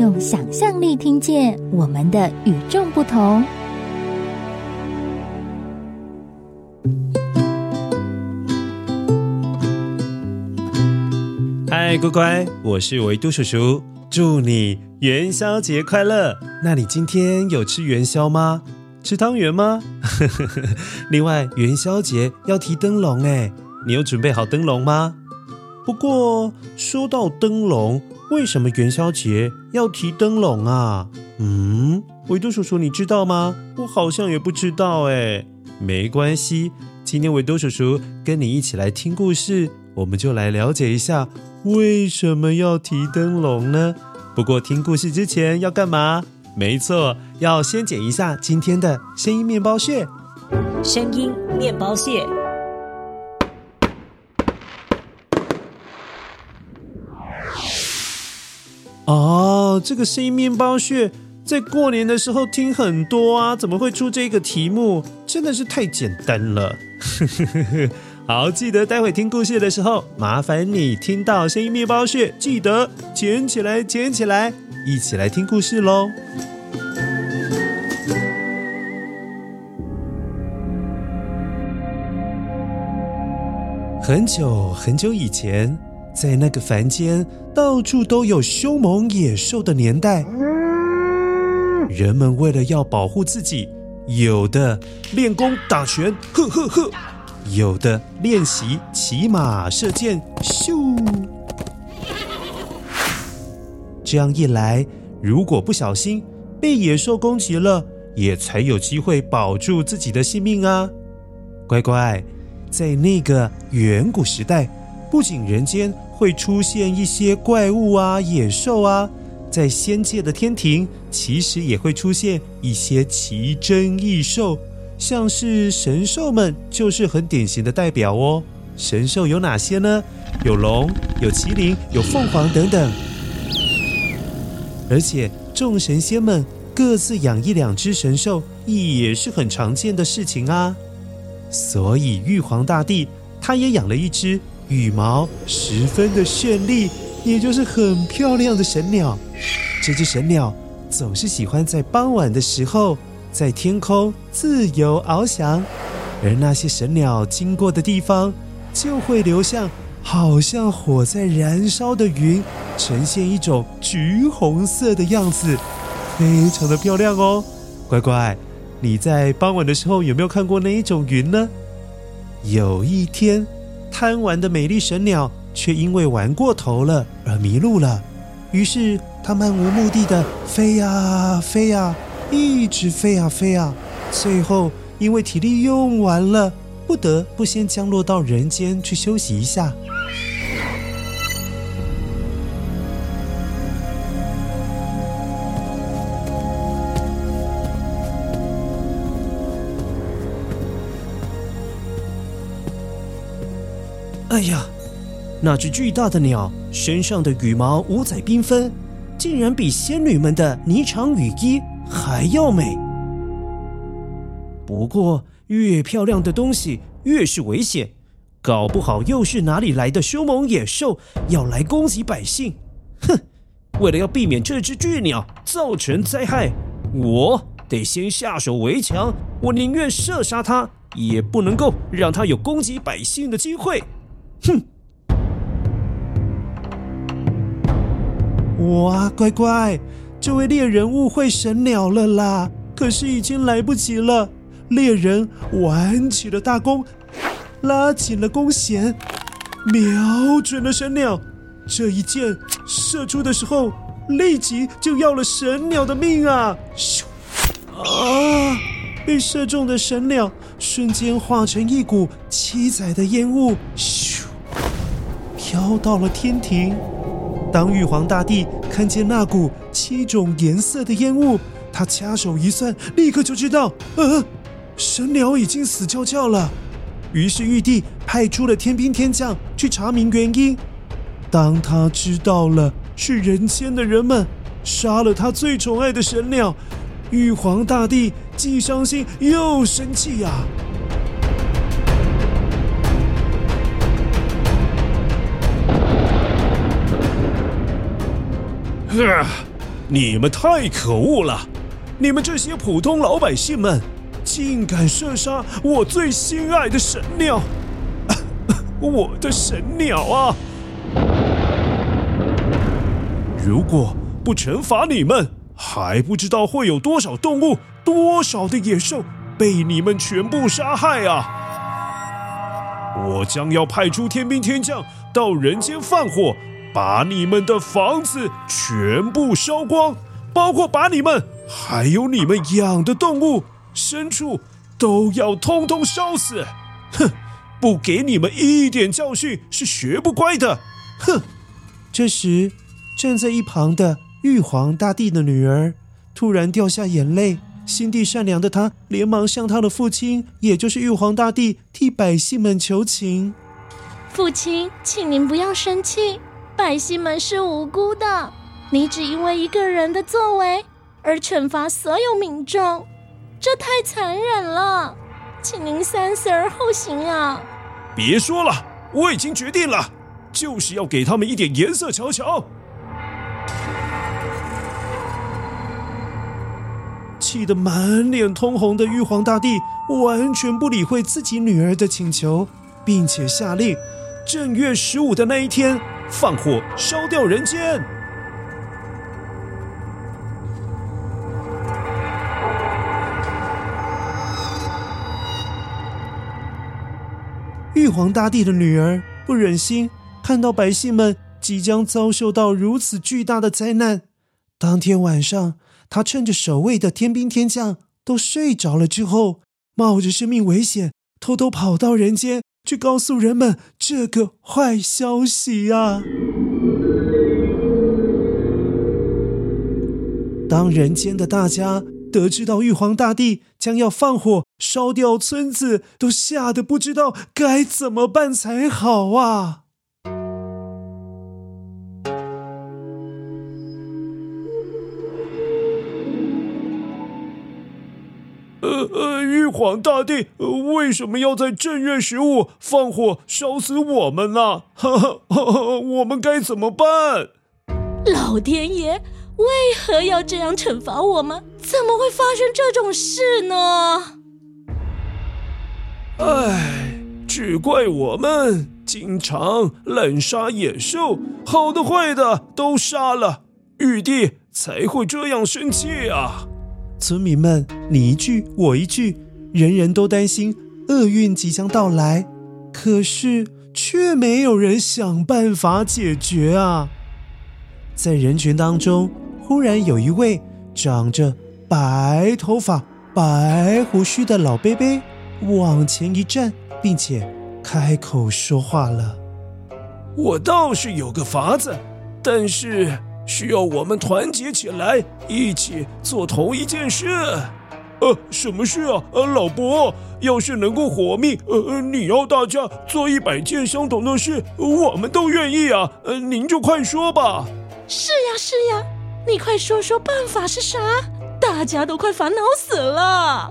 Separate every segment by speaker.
Speaker 1: 用想象力聽見我們的與眾不同。嗨，乖乖，我是維多叔叔，祝你元宵節快樂！那你今天有吃元宵嗎？吃湯圓嗎？ 另外，元宵節要提燈籠哎，你有準備好燈籠嗎？不過說到燈籠，為什麼元宵節要提燈籠啊？嗯，維多叔叔，你知道嗎？我好像也不知道哎。沒關係，今天維多叔叔跟你一起來聽故事，我們就來了解一下為什麼要提燈籠呢？不過聽故事之前要幹嘛？沒錯，要先解一下今天的聲音面包屑，聲音面包屑。哦，這個聲音面包屑在過年的時候聽很多啊，怎麼會出這個題目？真的是太簡單了。 好，記得待會聽故事的時候，麻煩你聽到聲音面包屑，記得撿起來，撿起來，一起來聽故事嘍。很久很久以前。在那個凡間到處都有兇猛野獸的年代，人們為了要保護自己，有的練功打拳，呵呵呵；有的練習騎馬射箭，咻。這樣一來，如果不小心被野獸攻擊了，也才有機會保住自己的性命啊！乖乖，在那個遠古時代。不僅人間會出現一些怪物啊、野獸啊，在仙界的天庭，其實也會出現一些奇珍異獸，像是神獸們就是很典型的代表哦。神獸有哪些呢？有龍、有麒麟、有鳳凰等等。而且眾神仙們各自養一兩隻神獸，也是很常見的事情啊。所以玉皇大帝他也養了一隻。羽毛十分的絢麗，也就是很漂亮的神鳥。這只神鳥總是喜歡在傍晚的時候在天空自由翱翔，而那些神鳥經過的地方就會流向好像火在燃燒的雲，呈現一種橘紅色的樣子，非常的漂亮哦。乖乖，你在傍晚的時候有沒有看過那一種雲呢？有一天。貪玩的美麗神鳥卻因為玩過頭了而迷路了，於是它漫無目的的飛呀飛呀，一直飛呀飛呀，最後因為體力用完了，不得不先降落到人間去休息一下。哎呀，那隻巨大的鳥身上的羽毛五彩繽紛，竟然比仙女們的霓裳羽衣還要美。不過，越漂亮的東西越是危險，搞不好又是哪裡來的兇猛野獸要來攻擊百姓。哼，為了要避免這隻巨鳥造成災害，我得先下手為強。我寧願射殺它，也不能夠讓它有攻擊百姓的機會。哼！哇，乖乖，這位獵人誤會神鳥了啦！可是已經來不及了。獵人挽起了大弓，拉緊了弓弦，瞄準了神鳥。這一箭射出的時候，立即就要了神鳥的命啊！咻！啊！被射中的神鳥瞬間化成一股七彩的煙霧。咻！飄到了天庭。當玉皇大帝看見那股七種顏色的煙霧，他掐手一算，立刻就知道，呃、啊，神鳥已經死翹翹了。於是玉帝派出了天兵天將去查明原因，當他知道了是人間的人們殺了他最寵愛的神鳥，玉皇大帝既傷心又生氣呀、啊。啊！你們太可惡了！你們這些普通老百姓們，竟敢射殺我最心愛的神鳥！啊啊、我的神鳥啊！如果不懲罰你們，還不知道會有多少動物、多少的野獸被你們全部殺害啊！我將要派出天兵天將到人間放火。把你們的房子全部燒光，包括把你們還有你們養的動物、牲畜都要通通燒死！哼，不給你們一點教訓是學不乖的！哼！這時，站在一旁的玉皇大帝的女兒突然掉下眼淚，心地善良的她連忙向她的父親，也就是玉皇大帝替百姓們求情：“父親，請您不要生氣。”百姓們是無辜的，你只因為一個人的作為而懲罰所有民眾，這太殘忍了，請您三思而後行啊！別說了，我已經決定了，就是要給他們一點顏色瞧瞧。氣得滿臉通紅的玉皇大帝完全不理會自己女兒的請求，並且下令，正月十五的那一天。放火燒掉人間！玉皇大帝的女兒不忍心看到百姓們即將遭受到如此巨大的災難，當天晚上，她趁着守衛的天兵天將都睡着了之後，冒着生命危險，偷偷跑到人間。去告訴人們這個壞消息啊！當人間的大家得知到玉皇大帝將要放火燒掉村子，都嚇得不知道該怎麼辦才好啊！呃呃，玉皇大帝、呃、為什麼要在正月十五放火燒死我們呢，啊？哈哈，我們該怎麼辦？老天爺為何要這樣懲罰我們？怎麼會發生這種事呢？唉，只怪我們經常濫殺野獸，好的壞的都殺了，玉帝才會這樣生氣啊！村民們，你一句我一句，人人都擔心厄運即將到來，可是卻沒有人想辦法解決啊！在人群當中，忽然有一位長着白頭髮、白鬍鬚的老伯伯往前一站，並且開口說話了：“我倒是有個法子，但是……”需要我們團結起來，一起做同一件事。呃，什麼事啊？呃，老伯，要是能夠活命，呃，你要大家做一百件相同的事，我們都願意啊。呃，您就快說吧。是呀，是呀，你快說說辦法是啥？大家都快煩惱死了。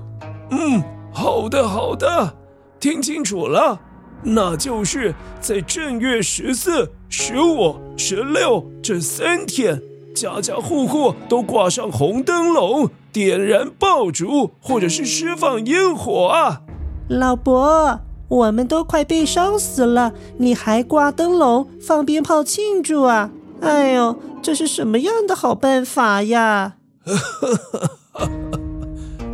Speaker 1: 嗯，好的，好的，聽清楚了。那就是在正月十四、十五、十六這三天，家家戶戶都掛上紅燈籠，點燃爆竹，或者是釋放煙火啊。老伯，我們都快被燒死了，你還掛燈籠、放鞭炮慶祝啊？哎呦，這是什麼樣的好辦法呀？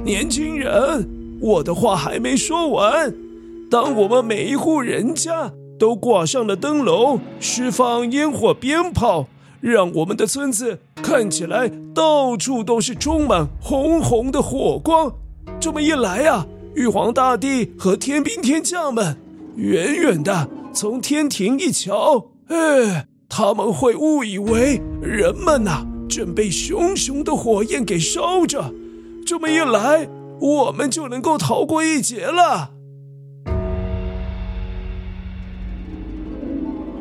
Speaker 1: 年輕人，我的話還沒說完。當我們每一戶人家都掛上了燈籠，釋放煙火鞭炮，讓我們的村子看起來到處都是充滿紅紅的火光。這麼一來啊，玉皇大帝和天兵天將們遠遠的從天庭一瞧，哎，他們會誤以為人們吶，啊，正被熊熊的火焰給燒着。這麼一來，我們就能夠逃過一劫了。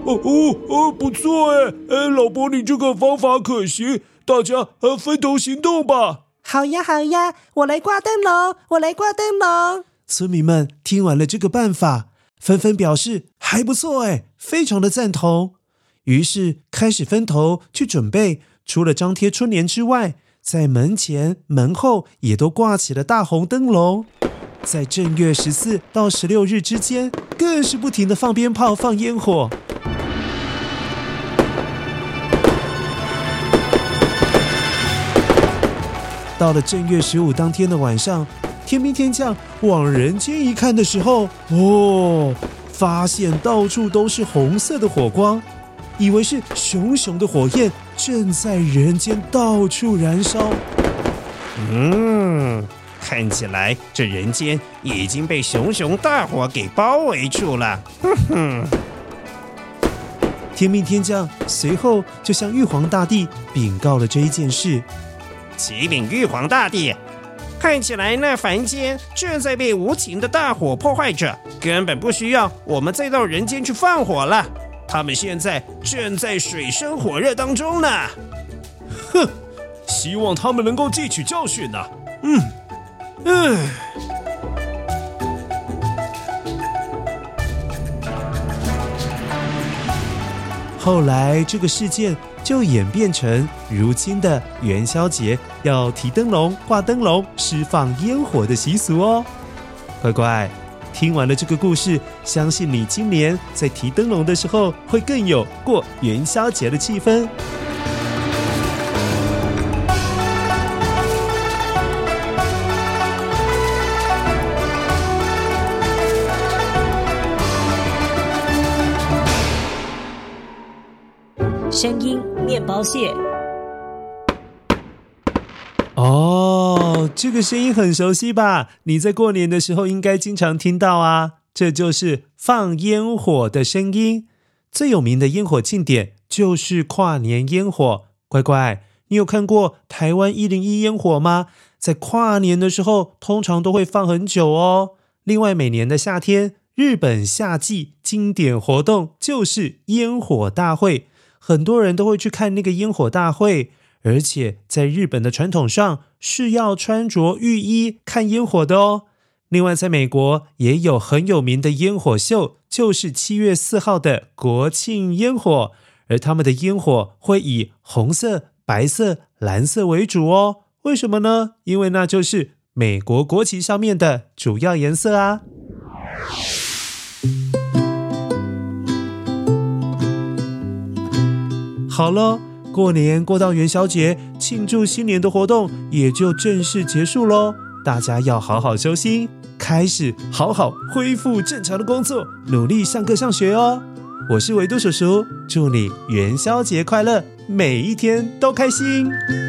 Speaker 1: 哦哦哦，不錯哎哎，老伯，你這個方法可行，大家、呃、分頭行動吧。好呀好呀，我來掛燈籠，我來掛燈籠。村民們聽完了這個辦法，紛紛表示還不錯哎，非常的贊同。於是開始分頭去準備，除了張貼春聯之外，在門前門後也都掛起了大紅燈籠，在正月十四到十六日之間，更是不停的放鞭炮、放煙火。到了正月十五當天的晚上，天兵天將往人間一看的時候，哦，發現到處都是紅色的火光，以為是熊熊的火焰正在人間到處燃燒。嗯，看起來這人間已經被熊熊大火給包圍住了。哼哼，天兵天將隨後就向玉皇大帝稟告了這一件事。啟稟玉皇大帝，看起來那凡間正在被無情的大火破壞着，根本不需要我們再到人間去放火了。他們現在正在水深火熱當中呢。哼，希望他們能夠汲取教訓呢、啊。嗯，嗯、呃。後來，這個事件就演變成如今的元宵節要提燈籠、掛燈籠、釋放煙火的習俗哦。乖乖，聽完了這個故事，相信你今年在提燈籠的時候會更有過元宵節的氣氛。聲音，麵包屑。哦，這個聲音很熟悉吧？你在過年的時候應該經常聽到啊，這就是放煙火的聲音。最有名的煙火慶典就是跨年煙火。乖乖，你有看過台灣一零一煙火嗎？在跨年的時候，通常都會放很久哦。另外，每年的夏天，日本夏季經典活動就是煙火大會。很多人都會去看那個煙火大會，而且在日本的傳統上是要穿着浴衣看煙火的哦。另外，在美國也有很有名的煙火秀，就是七月四號的國慶煙火，而他們的煙火會以紅色、白色、藍色為主哦。為什麼呢？因為那就是美國國旗上面的主要顏色啊。好了，過年過到元宵節，慶祝新年的活動也就正式結束嘍。大家要好好休息，開始好好恢復正常的工作，努力上課上學哦。我是維多叔叔，祝你元宵節快樂，每一天都開心。